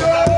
Bravo!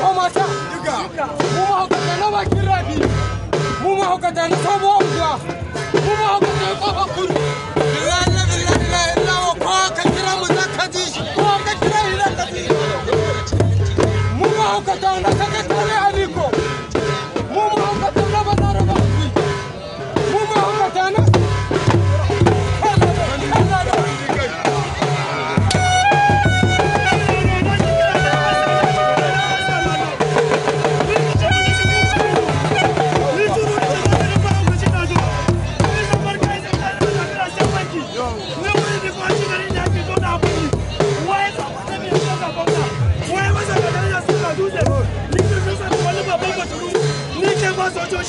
ko mata mu mahaukata na bakin rafi mu mahaukata na sabuwa unguwa mu mahaukata na kofa kudu mu mahaukata na sakatare a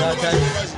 لا تنسى